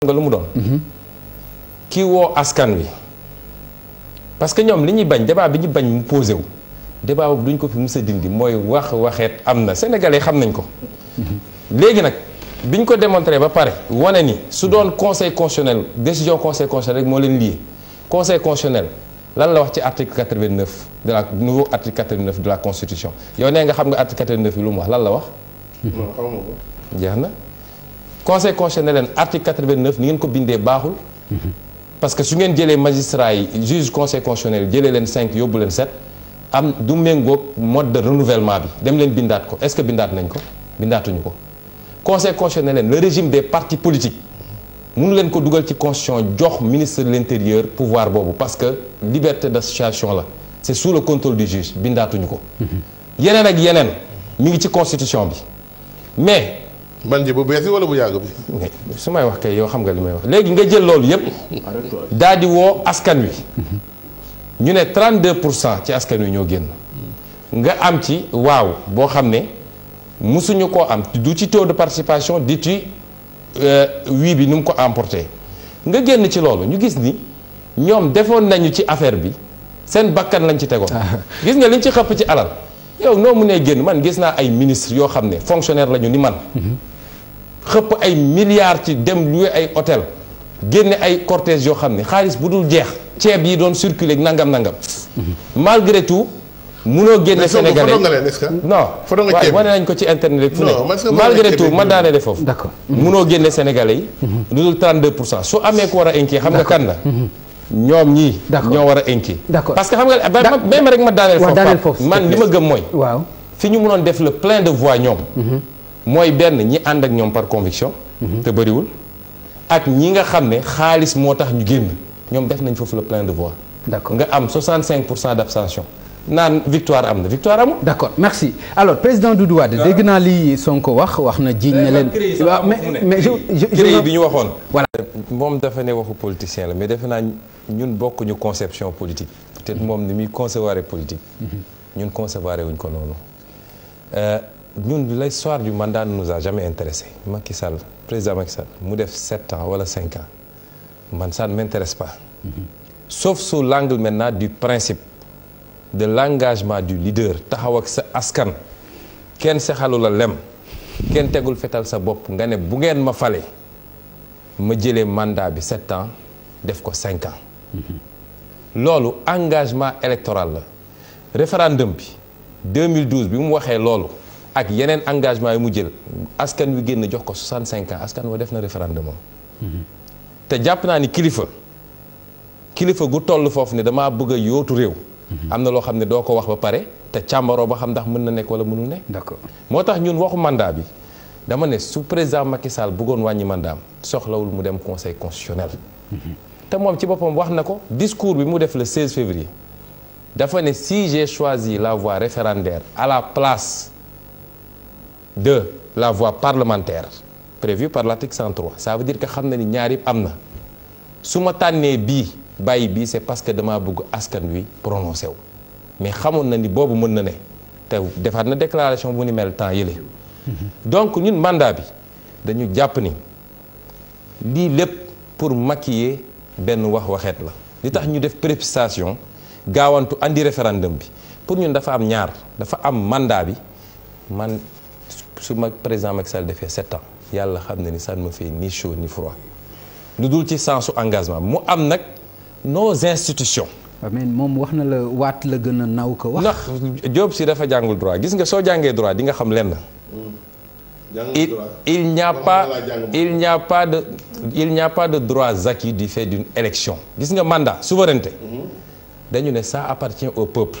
Qui lu mu doon kii askan wi parce que ñom liñuy bañ débat biñu bañ mu posé wu débat boobu duñ ko fi mësa dindi moy wax waxet amna sénégalais xam nañ ko légui nak biñ ko démontrer ba paré woné ni su doon conseil constitutionnel décision conseil constitutionnel rek moo leen lié conseil constitutionnel lan la wax ci article 89 de la nouveau article 89 de la constitution yow né nga xam nga article 89 lu mu wax lan la wax jeex na conseil constitutionnel article 89 ni ngeen ko bindé baaxul. parce que su ngeen jëlee magistrat, yi juge conseil constitutionnel jëlee leen 5 yóbbu 7 am du mengo mode de renouvellement bi dem len bindat ko est-ce que bindaat nañ ko bindatuñu ko. conseil constitutionnel le régime des partis politiques mënu len ko dugal ci constitution jox ministre de l'intérieur pouvoir bobu parce que liberté d'association la c'est sous le contrôle du juge bindatuñu ko. Mmh yenen ak yenen mi ngi ci constitution bi mais. man ji bu bees yi wala bu yàgg bi. su may wax kay yow xam nga li may wax léegi nga jël loolu yëpp. daal di woo askan wi. ñu ne 32 pour cent ci askan wi ñoo génn. nga am ci waaw boo xam ne musuñu koo am du ci taux de participation di ci wii euh, bi nu mu ko emporté nga génn ci loolu ñu gis ni ñoom defoon nañu ci affaire bi seen bakkan lañ ci tegoon. gis nga liñ ci xëpp ci alal. yow noo mënee génn man gis naa ay ministre yoo xam ne fonctionnaire lañu ni man. Mm-hmm. xëpp ay milliards ci dem louer ay hôtel génne ay cortège yoo xam ne xaalis jeex yi nangam nangam mhm. malgré tout génne sénégalais non nañ ko ci internet rek malgré tout man mhm. sénégalais yi mhm. lu 32 pour cent ko a xam nga kan la ñoom ñii ñoo parce que xam nga même rek ma foofu man li le plein de voix moy benn ñi and ak ñom par conviction. Mhm. te wul ak ñi nga xamné ne motax ñu genn ñom def nañ fofu le plein de voix. d'accord nga am 65 d'abstention. nan victoire am na victoire d'accord merci alors président Doudou Wade. Ah. dégg naa li Sonko wax wax na jiñ na eh, ah, mais mais je je bi ñu voilà moom dafa né waxu politicien la mais defe naa ñun ñu conception politique. peut-être mom ni mi concevoir politique. Mhm. ñun concevoir wuñ ko euh l'histoire du mandat ne nous a jamais intéressé Macky Sall président Macky Sall mu def 7 ans voilà 5 ans man ça ne m'intéresse pas sauf sous l'angle maintenant du principe de l'engagement du leader taxaw ak askan kenn sexalu la lem Ken tegul fetal sa bop. Ngane ne ma fale ma mandat bi 7 ans def ko cinq ans Lolo engagement électoral référendum bi 2012 bi mou waxee loolu ak yenen engagement yu mu jël askan wi génn jox ko 65 ans askan wa def na référendum moom te jàpp naa ni kilifa kilifa gu toll foofu ne dama bëgg a yootu réew am na loo xam ne doo ko wax ba pare te càmbaroo ba xam ndax mën na nekk wala mënul nekk d'accord moo tax ñun waxu mandat bi dama ne su président Macky Sall bëggoon wàññi mandat soxlawul mu dem conseil constitutionnel te moom ci boppam wax na ko discours bi mu def le 16 février dafa ne si j'ai choisi la voie référendaire à la place de la voie parlementaire prévue par l'article 103 ça veut dire que xam na ni ñaar yëpp am na su ma tànnee c'est parce que dama bëgg askan wi prononcer mais xamone na ni bobu mën na né té defaat na déclaration bu ni mel temps yële donc ñun mandat bi dañu japp ni li lépp pour maquiller ben wax waxet la li tax ñu def précipitation gawantu andi référendum bi pour ñun dafa am ñaar dafa am mandat bi man su ma avec Macky Sall fait sept ans Yalla xam ni ça ne me fait ni chaud ni froid lu ci sensu engagement mu am nak nos institutions. Ah, mais mom waxna na la wat la gën naw ko wax. ndax job si dafa jàngul droit gis nga so jàngee droit di nga xam lenn. il il n'y a pas il n'y a pas de il n'y a pas de droits acquis du fait d'une élection gis nga mandat souveraineté. Mhm. dañu ne ça appartient au peuple.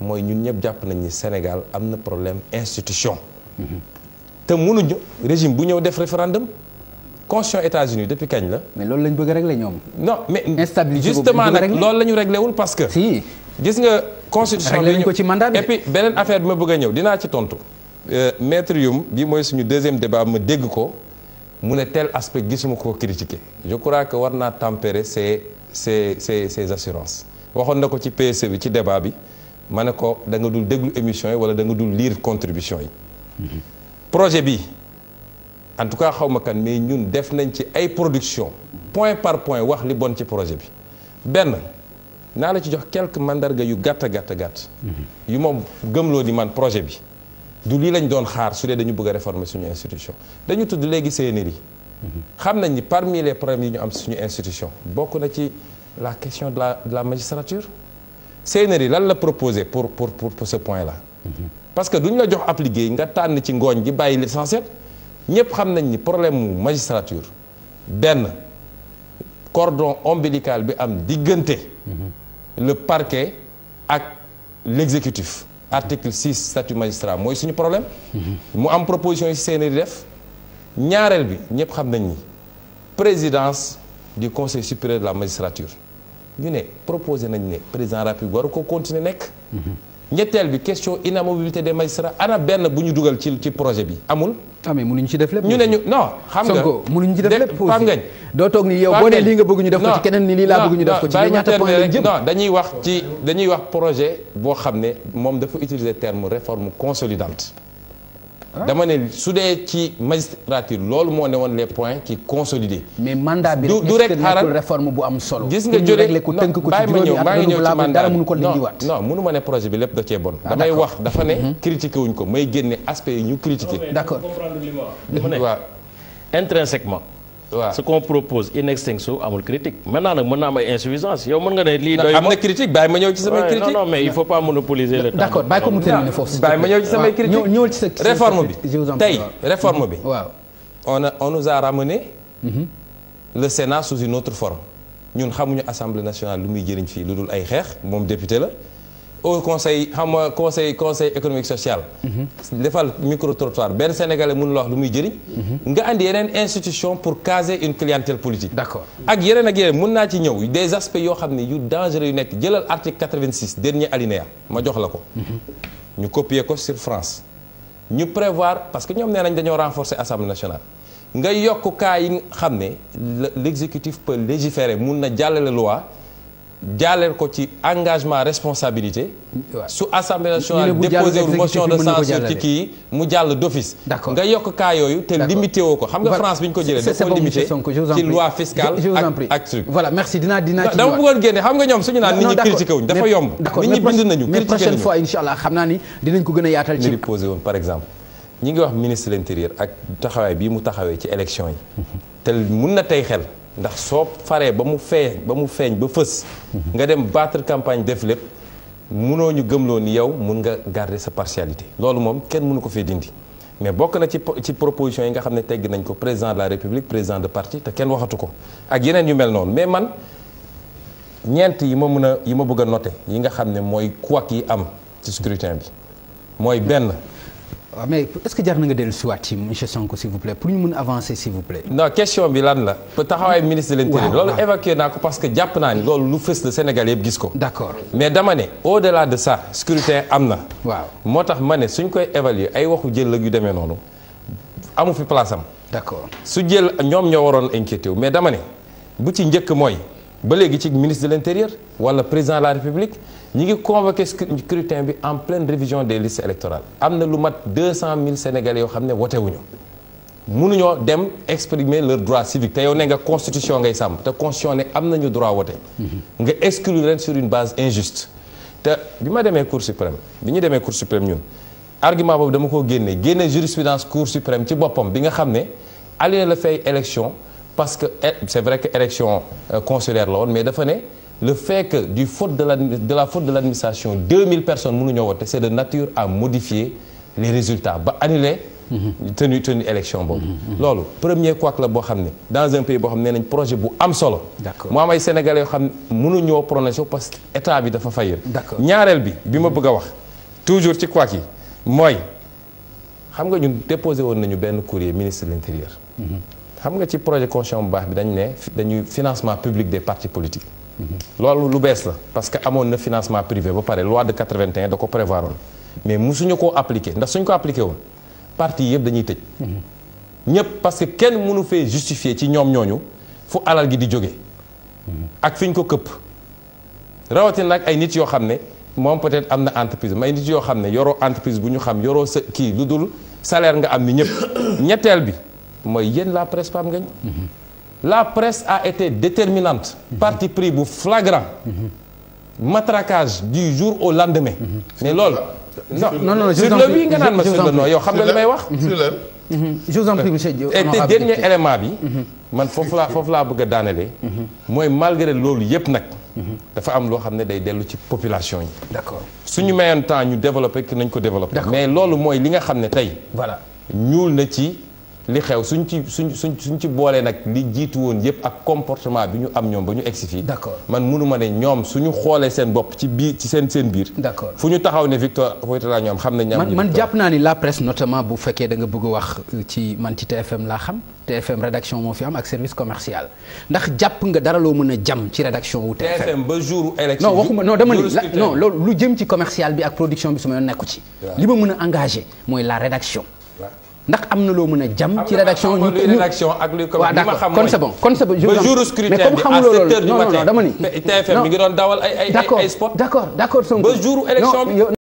moy ñun ñep japp nañ ni Sénégal amna problème institution. te mënuñu régime bu ñëw def référendum. constitution États-Unis depuis kagn la. mais lool lañ bëgg régler ñom non mais instabilité justement nag loolu la ñu wul parce que. si gis nga. constitution bi ko ci mandat et puis benen affaire bi ma bëgg a ñëw dinaa ci tontu. Euh, maître yum bi moy suñu deuxième débat ma dégg ko mu ne tel aspect gisuma ko critiquer je crois que warna tempérer ces ces ces ces assurances waxon na ko ci PSE bi ci débat bi ma da nga dul déglu émission yi wala da nga dul lire contribution yi. projet bi en tout cas xawma kan mais ñun def nañ ci ay production point par point wax li bon ci projet bi Ben, na la ci jox quelques mandarga yu gàtt gàtt gatt mhm. yu moom gëmloo di man projet bi du li lañ doon xaar su dee dañu bëgg réformer suñu institution dañu tudd légui CNRI. Mhm. xam nañ ni parmi les problèmes yi ñu am suñu institution bokku na ci la question de la de la magistrature. Seynery lan la proposé pour pour pour, ce point là. parce que duñ la jox nous on nga ci l'essentiel nous xam ni problème magistrature le cordon ombilical bi am le parquet et l'exécutif article 6 statut magistrat c'est suñu problème. mu am proposition yi def bi que xam présidence du conseil supérieur de la magistrature ñu ne proposé nañ né président rapide waru ko continuer nekk. ñettel bi question inamovibilité des magistrats ana benn buñu duggal ci ci projet bi amul. tamé ah, mënuñ ci def lépp. ñu ne ñu non xam nga Sonko mënuñ ci def lépp. Pape ngañ do tok ni yow bo né li nga bëgg ñu def ko ci kenen ni li la bëgg ñu def ko ci. mais ñaata point jëm non dañuy wax ci dañuy wax projet bo xamné mom dafa utiliser terme réforme consolidante. Hein? dama ne magistrature les points qui consolidés. mais mandat bi réforme bu am solo. gis nga non bàyyi ma ñëw non mënu projet bi da bon. wax ne. Mhm. critiquer wuñ ko may aspect yi ñu d'accord intrinsèquement waaw ce qu'on propose in extinction amul critique maintenant nak mën na am insuffisance yow mën nga né li doy amna critique bay ma ñëw ci sama critique non non mais il faut pas monopoliser le temps d'accord bay ko mu terminer force bay ma ñëw ci sama critique ñëw ci sa réforme bi tay réforme bi waaw on a on nous a ramené -hmm. le Sénat sous une autre forme ñun xamuñu assemblée nationale lu muy jëriñ fii lu dul ay xeex mom député la au conseil conseil conseil économique social. Mhm. le micro trottoir Ben sénégalais mënul wax lu muy jëriñ. Mhm. nga institution pour caser une clientèle politique. d'accord ak yeneen ak mën des aspects qui sont dangereux yu nekk jëlal article 86 dernier alinéa ma jox la ko. Mhm. ñu copier sur France. nous prévoir parce que nous avons renforcé l'Assemblée renforcer nationale. Nous avons un yi qui l'exécutif peut légiférer mun na la loi jaaleel ko ci engagement responsabilité. sous assemblée nationale déposé une motion de censure ci kii mu jàll d'office. nga yok ka yoyu té limité woko xam nga France biñ ñu ko jëlee. limité bon monsieur Sonko je vous en prie ci loi fiscale ak truc. voilà merci dina dina ci dama bëggoon génne xam nga ñom suñu naan nit ñi critiqué wuñ dafa yomb. nit ñi bind nañu critiqué nañu mais prochaine fois incha allah xam naa ni dinañ ko gëna yaatal ci. posé won par exemple ñi ngi wax ministre de l'intérieur ak taxaway bi mu taxawé ci élection yi mhm. te mun na tey xel ndax soo faree ba campagne def lépp ñu ni garder sa partialité loolu moom kenn mënu ko mais bokk na ci ci proposition yi nga président de la république président de parti te kenn waxatu ko ak yeneen yu mel mais man ñeent yi ma mën a bëgg noté yi nga am ci ah, mais est-ce que vous s'il vous plaît pour nous avancer s'il vous plaît. non question bi la. le ah. ministre de l'intérieur évacué parce que d'accord mais dama au-delà de ça waaw Wow. ne suñ koy évaluer ay waxu yu place d'accord su jël ñoom ñoo waroon inquiété mais dama bu ci ministre de l'intérieur wala président de la république ñi ngi convoqué scrutin bi en pleine révision des listes électorales am na lu mat 200000 sénégalais yoo xam voté. wote wuñu dem exprimer leur droit civique te yow une nga constitution ngay sàmm te constitution ne am nañu droit voter. Mhm. nga exclure exclu sur une base injuste te bi ma cour suprême bi ñu cour suprême ñun argument boobu dama ko génne génne jurisprudence cour suprême ci boppam bi nga xam aller la élection parce que eh, c'est vrai que élection euh, consulaire la woon mais dafa le fait que du faute de, la, de la faute de l'administration 2000 personnes mënuñoo wote c'est de nature à modifier les résultats ba annuler tenu tenu élection boobu premier quoi que le xam dans un pays boo un projet bu am solo mu moi, sénégalais nous xam ne prononcé parce que état bi dafa fayal ñaareel bi bi bëgg toujours ci quoi qui, mooy nous avons déposé woon courrier courrier ministre de l'intérieur mhm. xam nga ci projet constitution bu baax bi financement public des partis politiques loolu lu bees la parce que mon financement privé ba pare loi de 81 da ko prévoir mais musuñu koo appliquer ndax suñ ko appliqué woon parti yëpp dañuy n'y est parce que kenn mënu fait justifier ci n'y ñooñu fu alal gi di jóge ak fi ñu ko këpp rawatina nag ay nit yoo xam ne moom peut-être am entreprise may nit yoo xam ne entreprise bu ñu xam qui sa kii salaire nga am ni ñëpp ñetteel bi mooy yéen la presse pam ngañ la presse a été déterminante. parti pris pour flagrant. matraquage du jour au lendemain. mais l'ol non non je vous en prie le non yow xam wax. Mhm. je vous en prie monsieur Diop. et te dernier élément bi. man foofu laa foofu laa bëgg malgré loolu yëpp nag. dafa am loo xam ne day dellu ci population yi. d'accord suñu mayoon temps ñu développer nañ ko développer mais loolu mooy li nga xam ne voilà nous na ci li xew suñ ci suñ suñ ci boolee nak li jiitu won yépp ak comportement bi ñu am ñom ba ñu egsi fii d'accord man mënuma né ñom suñu xolé seen bop ci biir ci seen seen biir d'accord fuñu taxaw né victor Fofana ñom xam nañ am man japp na ni la presse notamment bu féké da nga bëgg wax euh, ci man ci TFM la xam TFM rédaction mo fi am ak service commercial ndax japp nga dara lo mëna jam ci rédaction wu TFM TFM ba jour élection non waxuma non dama ni non loolu lu jëm ci commercial bi ak production bi suma ñu nekk ci li ma mën a engagé mooy la rédaction ndax am na loo mën a jam ci rédaction ñu rédaction ak luy comité li ma xam bi à 7 heures du matin TFM mi ngi doon dawal ay